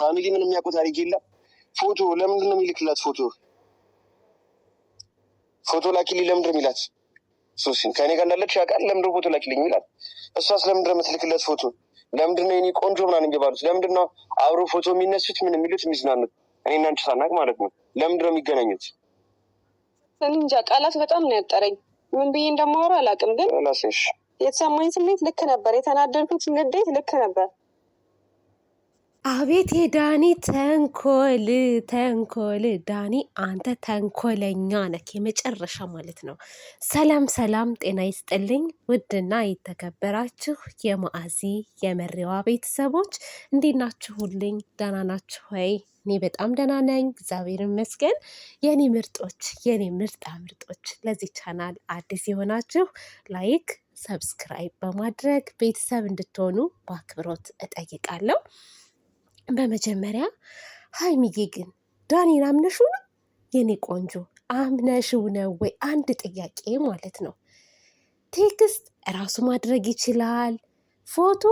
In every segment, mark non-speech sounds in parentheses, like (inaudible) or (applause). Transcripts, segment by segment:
ፋሚሊ ምን የሚያውቁት ታሪክ የለም። ፎቶ ለምንድን ነው የሚልክላት? ፎቶ ፎቶ ላኪልኝ ለምንድን ነው የሚላት? ሶሲን ከእኔ ጋር እንዳለች ያውቃል። ለምንድን ፎቶ ላኪልኝ የሚላት? እሷስ ለምንድን ነው የምትልክለት ፎቶ? ለምንድን ነው የኔ ቆንጆ ምናምን የሚባሉት? ለምንድን ነው አብሮ ፎቶ የሚነሱት? ምን የሚሉት? የሚዝናኑት? እኔ እናንቺ ሳናቅ ማለት ነው። ለምንድን ነው የሚገናኙት? እንጃ ቃላት በጣም ነው ያጠረኝ። ምን ብዬ እንደማወራ አላውቅም፣ ግን የተሰማኝ ስሜት ልክ ነበር። የተናደድኩት ንዴት ልክ ነበር። አቤት የዳኒ ተንኮል ተንኮል! ዳኒ አንተ ተንኮለኛ ነክ የመጨረሻ ማለት ነው። ሰላም ሰላም፣ ጤና ይስጥልኝ ውድና የተከበራችሁ የማአዚ የመሪዋ ቤተሰቦች እንዴት ናችሁልኝ? ደህና ናችሁ ወይ? እኔ በጣም ደህና ነኝ፣ እግዚአብሔር ይመስገን። የኔ ምርጦች፣ የኔ ምርጣ ምርጦች፣ ለዚህ ቻናል አዲስ የሆናችሁ ላይክ ሰብስክራይብ በማድረግ ቤተሰብ እንድትሆኑ በአክብሮት እጠይቃለሁ። በመጀመሪያ ሀይሚዬ ግን ዳኒን አምነሽው ነው የኔ ቆንጆ? አምነሽው ነው ወይ? አንድ ጥያቄ ማለት ነው። ቴክስት እራሱ ማድረግ ይችላል፣ ፎቶ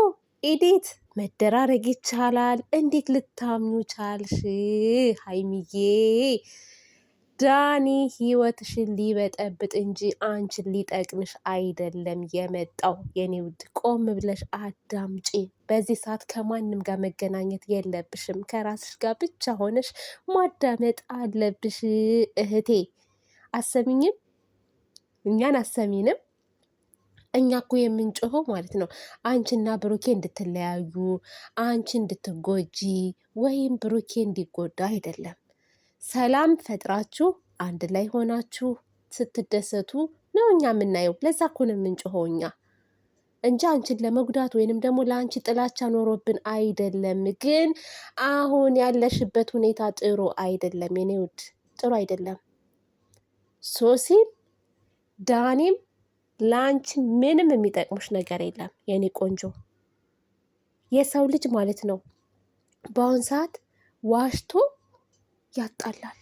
ኤዲት መደራረግ ይቻላል። እንዴት ልታምኑ ቻልሽ ሀይሚዬ? ዳኒ ህይወትሽን ሊበጠብጥ እንጂ አንቺን ሊጠቅምሽ አይደለም የመጣው። የኔ ውድ ቆም ብለሽ አዳምጪ። በዚህ ሰዓት ከማንም ጋር መገናኘት የለብሽም፣ ከራስሽ ጋር ብቻ ሆነሽ ማዳመጥ አለብሽ እህቴ። አሰሚኝም እኛን አሰሚንም እኛ እኮ የምንጮኸው ማለት ነው አንቺና ብሩኬ እንድትለያዩ፣ አንቺ እንድትጎጂ ወይም ብሩኬ እንዲጎዳ አይደለም። ሰላም ፈጥራችሁ አንድ ላይ ሆናችሁ ስትደሰቱ ነው እኛ የምናየው። ለዛ እኮ ነው የምንጮኸው እኛ። እንጂ አንቺን ለመጉዳት ወይንም ደግሞ ለአንቺ ጥላቻ ኖሮብን አይደለም። ግን አሁን ያለሽበት ሁኔታ ጥሩ አይደለም የኔ ውድ፣ ጥሩ አይደለም። ሶሲም ዳኒም ለአንቺ ምንም የሚጠቅሙሽ ነገር የለም የኔ ቆንጆ። የሰው ልጅ ማለት ነው በአሁን ሰዓት ዋሽቶ ያጣላል።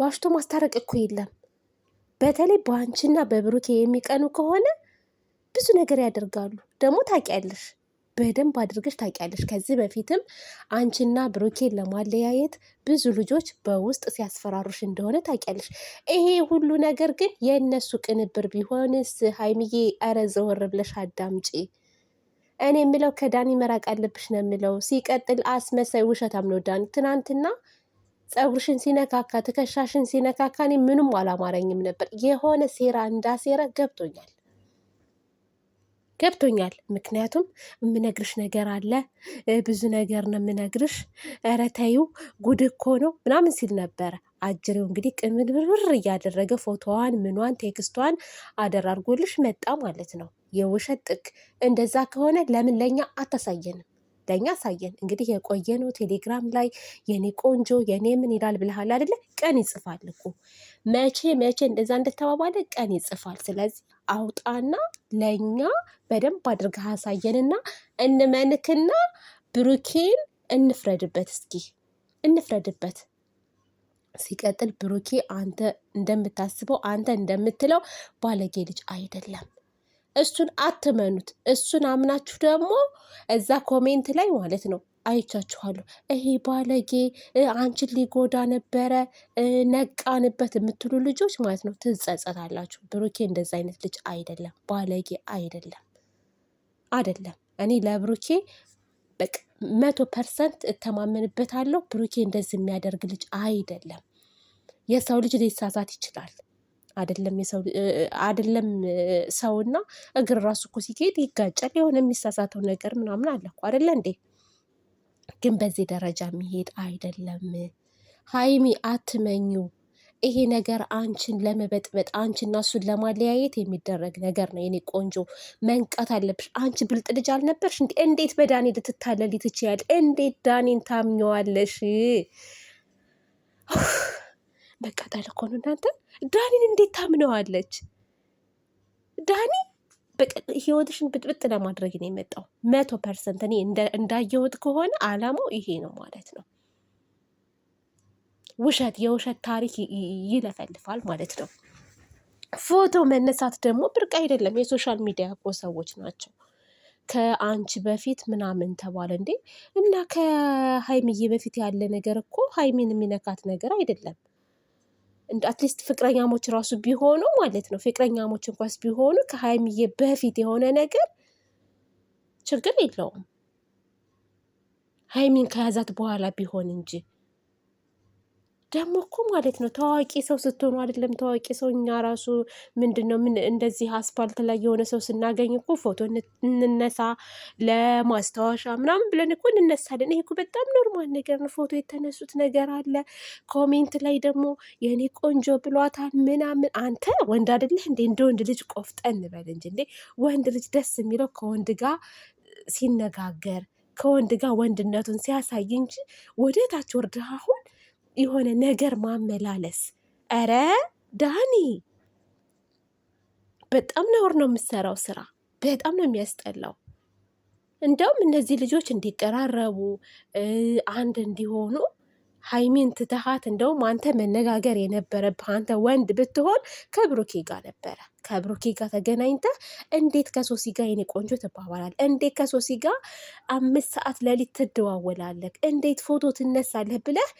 ዋሽቶ ማስታረቅ እኮ የለም። በተለይ በአንቺና በብሩኬ የሚቀኑ ከሆነ ብዙ ነገር ያደርጋሉ። ደግሞ ታውቂያለሽ፣ በደንብ አድርገሽ ታውቂያለሽ። ከዚህ በፊትም አንቺና ብሩኬን ለማለያየት ብዙ ልጆች በውስጥ ሲያስፈራሩሽ እንደሆነ ታውቂያለሽ። ይሄ ሁሉ ነገር ግን የእነሱ ቅንብር ቢሆንስ? ሀይሚዬ፣ ኧረ ዘወር ብለሽ አዳምጪ። እኔ የምለው ከዳኒ መራቅ አለብሽ ነው የምለው። ሲቀጥል አስመሳይ ውሸታም ነው ዳኒ። ትናንትና ፀጉርሽን ሲነካካ ትከሻሽን ሲነካካ እኔ ምንም አላማረኝም ነበር። የሆነ ሴራ እንዳሴረ ገብቶኛል። ገብቶኛል። ምክንያቱም የምነግርሽ ነገር አለ፣ ብዙ ነገር ነው የምነግርሽ፣ ኧረ ተይው ጉድ እኮ ነው ምናምን ሲል ነበረ። አጅሬው እንግዲህ ቅምድብርብር እያደረገ ፎቶዋን ምኗን ቴክስቷን አደራርጎልሽ መጣ ማለት ነው። የውሸት ጥግ። እንደዛ ከሆነ ለምን ለእኛ አታሳየንም? ለእኛ አሳየን። እንግዲህ የቆየ ነው ቴሌግራም ላይ የኔ ቆንጆ የኔ ምን ይላል ብልሃል አይደለ? ቀን ይጽፋል እኮ መቼ መቼ እንደዛ እንደተባባለ ቀን ይጽፋል። ስለዚህ አውጣና ለእኛ በደንብ አድርገህ አሳየንና እንመንክና ብሩኬን እንፍረድበት እስኪ እንፍረድበት። ሲቀጥል ብሩኬ አንተ እንደምታስበው አንተ እንደምትለው ባለጌ ልጅ አይደለም። እሱን አትመኑት። እሱን አምናችሁ ደግሞ እዛ ኮሜንት ላይ ማለት ነው አይቻችኋሉ ይሄ ባለጌ አንቺን ሊጎዳ ነበረ ነቃንበት የምትሉ ልጆች ማለት ነው ትጸጸታላችሁ። ብሩኬ እንደዚ አይነት ልጅ አይደለም፣ ባለጌ አይደለም፣ አይደለም። እኔ ለብሩኬ በቃ መቶ ፐርሰንት እተማመንበታለሁ። ብሩኬ እንደዚህ የሚያደርግ ልጅ አይደለም። የሰው ልጅ ሊሳሳት ይችላል። አይደለም አይደለም ሰውና እግር ራሱ እኮ ሲሄድ ይጋጫል። የሆነ የሚሳሳተው ነገር ምናምን አለ እኮ አይደለ እንዴ? ግን በዚህ ደረጃ የሚሄድ አይደለም። ሀይሚ አትመኙ። ይሄ ነገር አንቺን ለመበጥበጥ አንቺና እሱን ለማለያየት የሚደረግ ነገር ነው። የኔ ቆንጆ መንቃት አለብሽ። አንቺ ብልጥ ልጅ አልነበርሽ እንዴ? እንዴት በዳኔ ልትታለል ትችያለሽ? እንዴት ዳኔን ታምኘዋለሽ? በቃ ተልእኮ ነው። እናንተ ዳኒን እንዴት ታምነዋለች? ዳኒ በቃ ህይወትሽን ብጥብጥ ለማድረግ ነው የመጣው። መቶ ፐርሰንት እኔ እንዳየሁት ከሆነ አላማው ይሄ ነው ማለት ነው። ውሸት የውሸት ታሪክ ይለፈልፋል ማለት ነው። ፎቶ መነሳት ደግሞ ብርቅ አይደለም። የሶሻል ሚዲያ እኮ ሰዎች ናቸው። ከአንቺ በፊት ምናምን ተባለ እንዴ! እና ከሀይሚዬ በፊት ያለ ነገር እኮ ሀይሚን የሚነካት ነገር አይደለም። አትሊስት ፍቅረኛሞች ራሱ ቢሆኑ ማለት ነው ፍቅረኛሞች እንኳስ ቢሆኑ ከሀይሚዬ በፊት የሆነ ነገር ችግር የለውም። ሀይሚን ከያዛት በኋላ ቢሆን እንጂ ደግሞ እኮ ማለት ነው ታዋቂ ሰው ስትሆኑ አይደለም ታዋቂ ሰው እኛ ራሱ ምንድን ነው ምን እንደዚህ አስፋልት ላይ የሆነ ሰው ስናገኝ እኮ ፎቶ እንነሳ ለማስታወሻ ምናምን ብለን እኮ እንነሳለን። ይሄ እኮ በጣም ኖርማል ነገር ነው። ፎቶ የተነሱት ነገር አለ። ኮሜንት ላይ ደግሞ የኔ ቆንጆ ብሏታል ምናምን። አንተ ወንድ አይደለህ እንዴ? እንደ ወንድ ልጅ ቆፍጠን እንበል እንጂ እንዴ! ወንድ ልጅ ደስ የሚለው ከወንድ ጋር ሲነጋገር ከወንድ ጋር ወንድነቱን ሲያሳይ እንጂ ወደ ታች አሁን የሆነ ነገር ማመላለስ። ኧረ ዳኒ በጣም ነውር ነው የምሰራው ስራ፣ በጣም ነው የሚያስጠላው። እንደውም እነዚህ ልጆች እንዲቀራረቡ አንድ እንዲሆኑ ሀይሚን ትትሃት እንደውም አንተ መነጋገር የነበረብህ አንተ ወንድ ብትሆን ከብሩኬ ጋር ነበረ። ከብሩኬ ጋር ተገናኝተህ እንዴት ከሶሲ ጋር የኔ ቆንጆ ትባባላል? እንዴት ከሶሲ ጋር አምስት ሰዓት ለሊት ትደዋወላለህ? እንዴት ፎቶ ትነሳለህ? ብለህ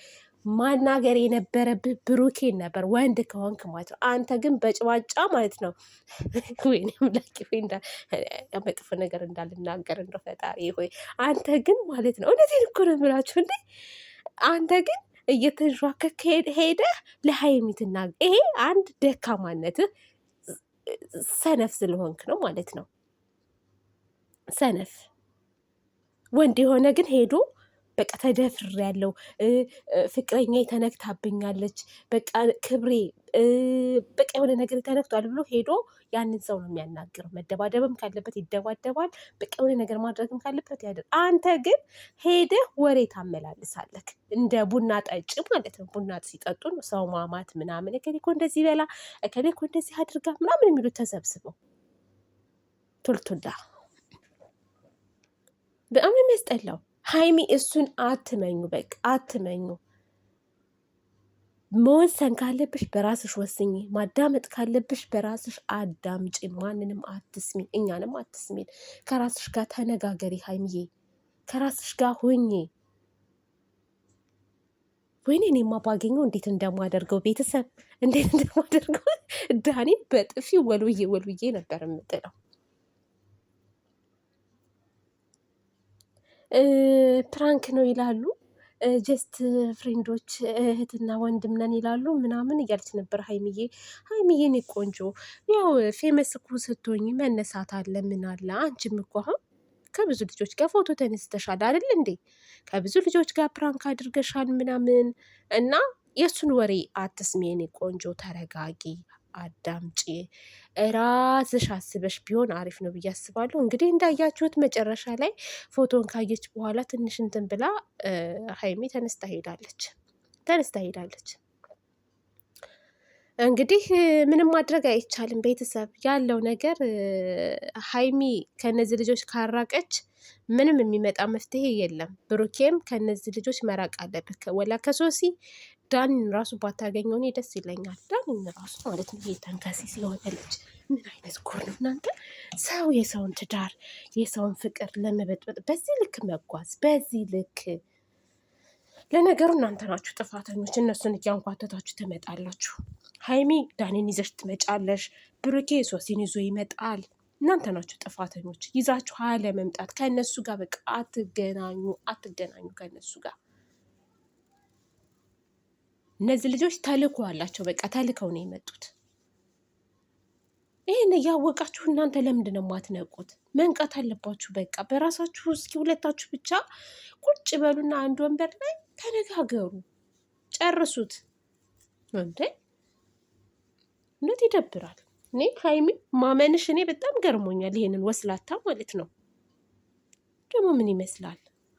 ማናገር የነበረብህ ብሩኬን ነበር፣ ወንድ ከሆንክ ማለት ነው። አንተ ግን በጭዋጫ ማለት ነው። (laughs) ወይኔ ላኪ ሆይ መጥፎ ነገር እንዳልናገር እንደ ፈጣሪ ሆይ አንተ ግን ማለት ነው። እውነቴን እኮ ነው የምላችሁ እንዴ አንተ ግን እየተንሸዋከክ ሄደ ለሀይሚ ትናገር። ይሄ አንድ ደካማነትህ ሰነፍ ስለሆንክ ነው ማለት ነው። ሰነፍ ወንድ የሆነ ግን ሄዶ በቃ ተደፍር ያለው ፍቅረኛ ተነክታብኛለች፣ በቃ ክብሬ በቃ የሆነ ነገር ተነክቷል ብሎ ሄዶ ያንን ሰው ነው የሚያናግረው። መደባደብም ካለበት ይደባደባል። በቃ የሆነ ነገር ማድረግም ካለበት ያደርግ። አንተ ግን ሄደህ ወሬ ታመላልሳለክ፣ እንደ ቡና ጠጭ ማለት ነው። ቡና ሲጠጡ ነው ሰው ማማት ምናምን፣ እከሌ እኮ እንደዚህ በላ፣ እከሌ እኮ እንደዚህ አድርጋ ምናምን የሚሉት ተሰብስበው ቱልቱላ በጣም ነው የሚያስጠላው። ሀይሚ እሱን አትመኙ፣ በቃ አትመኙ። መወሰን ካለብሽ በራስሽ ወስኝ፣ ማዳመጥ ካለብሽ በራስሽ አዳምጪ። ማንንም አትስሚ፣ እኛንም አትስሚን። ከራስሽ ጋር ተነጋገሪ ሀይሚዬ፣ ከራስሽ ጋር ሁኚ። ወይኔ እኔማ ባገኘው እንዴት እንደማደርገው ቤተሰብ እንዴት እንደማደርገው ዳኔ በጥፊ ወልውዬ ወልውዬ ነበር የምጥለው። ፕራንክ ነው ይላሉ። ጀስት ፍሬንዶች እህትና ወንድም ነን ይላሉ ምናምን እያለች ነበር ሀይሚዬ። ሀይሚዬ እኔ ቆንጆ ያው ፌመስ እኮ ስትሆኝ መነሳት አለ ምን አለ። አንቺም እኮ አሁን ከብዙ ልጆች ጋር ፎቶ ተነስተሻል አይደል እንዴ? ከብዙ ልጆች ጋር ፕራንክ አድርገሻል ምናምን እና የእሱን ወሬ አትስሚ። እኔ ቆንጆ ተረጋጊ አዳምጪ፣ ራስሽ አስበሽ ቢሆን አሪፍ ነው ብዬ አስባለሁ። እንግዲህ እንዳያችሁት መጨረሻ ላይ ፎቶን ካየች በኋላ ትንሽ እንትን ብላ ሀይሚ ተነስታ ሄዳለች ተነስታ ሄዳለች። እንግዲህ ምንም ማድረግ አይቻልም። ቤተሰብ ያለው ነገር ሀይሚ ከነዚህ ልጆች ካራቀች ምንም የሚመጣ መፍትሄ የለም። ብሩኬም ከነዚህ ልጆች መራቅ አለብህ፣ ወላ ከሶሲ ዳኒን ራሱ ባታገኘው እኔ ደስ ይለኛል። ዳኒን ራሱ ማለት ነው። ተንከሲ ሲሆን ልጅ ምን አይነት ጎር ነው እናንተ? ሰው የሰውን ትዳር የሰውን ፍቅር ለመበጥበጥ በዚህ ልክ መጓዝ፣ በዚህ ልክ ለነገሩ እናንተ ናችሁ ጥፋተኞች። እነሱን እያንኳተታችሁ ትመጣላችሁ። ሀይሚ ዳኒን ይዘሽ ትመጫለሽ፣ ብሩኬ ሶሲን ይዞ ይመጣል። እናንተ ናችሁ ጥፋተኞች። ይዛችሁ ሀያ ለመምጣት ከእነሱ ጋር በቃ አትገናኙ፣ አትገናኙ ከእነሱ ጋር እነዚህ ልጆች ተልእኮ አላቸው። በቃ ተልከው ነው የመጡት። ይህን እያወቃችሁ እናንተ ለምንድን ነው የማትነቁት? መንቃት አለባችሁ። በቃ በራሳችሁ እስኪ ሁለታችሁ ብቻ ቁጭ በሉና አንድ ወንበር ላይ ተነጋገሩ፣ ጨርሱት። እንዴ እውነት ይደብራል። እኔ ሀይሚ ማመንሽ እኔ በጣም ገርሞኛል። ይሄንን ወስላታ ማለት ነው ደግሞ ምን ይመስላል?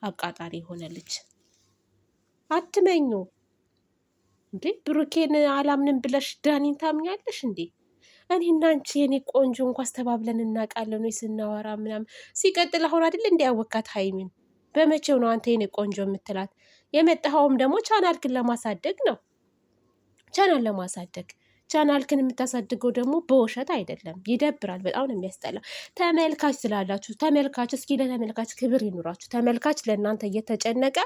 አቃጣሪ የሆነ ልጅ አትመኙ። እንዴ ብሩኬን አላምንም ብለሽ ዳኒን ታምኛለሽ እንዴ? እኔ እና አንቺ የኔ ቆንጆ እንኳ አስተባብለን እናውቃለን ወይ ስናወራ ምናምን። ሲቀጥል አሁን አይደል እንዲ ያወካት ሀይሚን በመቼው ነው አንተ የኔ ቆንጆ የምትላት? የመጣኸውም ደግሞ ቻናልክን ለማሳደግ ነው፣ ቻናል ለማሳደግ ቻናልክን የምታሳድገው ደግሞ በውሸት አይደለም። ይደብራል። በጣም ነው የሚያስጠላ። ተመልካች ስላላችሁ ተመልካች እስኪ ለተመልካች ክብር ይኑራችሁ። ተመልካች ለእናንተ እየተጨነቀ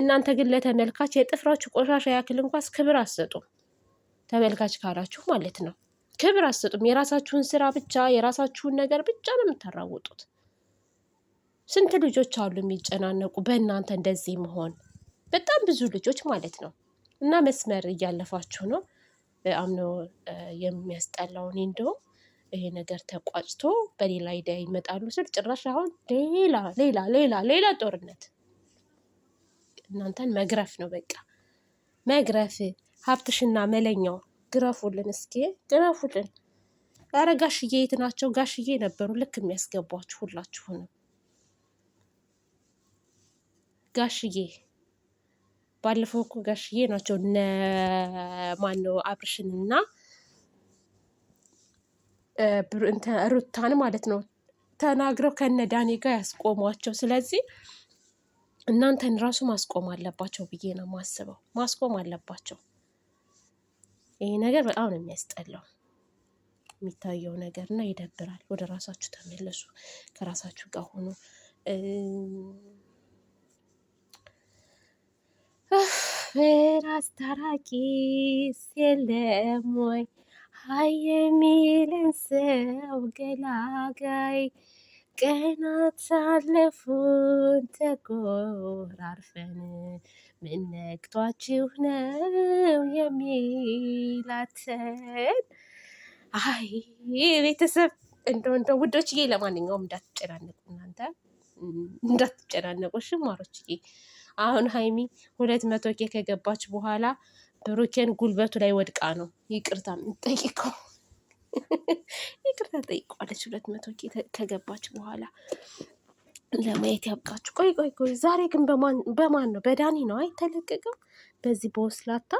እናንተ ግን ለተመልካች የጥፍራችሁ ቆሻሻ ያክል እንኳስ ክብር አትሰጡም። ተመልካች ካላችሁ ማለት ነው ክብር አትሰጡም። የራሳችሁን ስራ ብቻ የራሳችሁን ነገር ብቻ ነው የምታራውጡት። ስንት ልጆች አሉ የሚጨናነቁ በእናንተ እንደዚህ መሆን፣ በጣም ብዙ ልጆች ማለት ነው። እና መስመር እያለፋችሁ ነው። አምኖ የሚያስጠላው። እኔ እንደውም ይሄ ነገር ተቋጭቶ በሌላ ሂዳ ይመጣሉ ስል ጭራሽ አሁን ሌላ ሌላ ሌላ ሌላ ጦርነት እናንተን መግረፍ ነው በቃ መግረፍ። ሀብትሽና መለኛው ግረፉልን፣ እስኪ ግረፉልን። ኧረ ጋሽዬ የት ናቸው? ጋሽዬ ነበሩ ልክ የሚያስገቧችሁ ሁላችሁንም ጋሽዬ ባለፈው እኮ ጋሽዬ ናቸው እነ አብርሽን እና ሩታን ማለት ነው ተናግረው ከነ ዳኔ ጋር ያስቆሟቸው። ስለዚህ እናንተን ራሱ ማስቆም አለባቸው ብዬ ነው የማስበው። ማስቆም አለባቸው። ይሄ ነገር በጣም ነው የሚያስጠላው የሚታየው ነገር እና ይደብራል። ወደ ራሳችሁ ተመለሱ፣ ከራሳችሁ ጋር ሆኑ። ራስ ታራቂ የለም ወይ አይ የሚልን ሰው ገላጋይ ቀናት አለፉን ተኮራርፈን ምን ነክቷችሁ ነው የሚላተን። አይ ቤተሰብ እንደው እንደው ውዶችዬ፣ ለማንኛውም እንዳትጨናነቁ እናንተ እንዳትጨናነቁ ሽማሮች። አሁን ሀይሚ ሁለት መቶ ኬ ከገባች በኋላ ብሩኬን ጉልበቱ ላይ ወድቃ ነው ይቅርታ የምትጠይቀው። ይቅርታ ጠይቋለች ሁለት መቶ ኬ ከገባች በኋላ ለማየት ያብቃችሁ። ቆይ ቆይ ቆይ፣ ዛሬ ግን በማን ነው? በዳኒ ነው አይተለቀቅም። በዚህ በወስላታ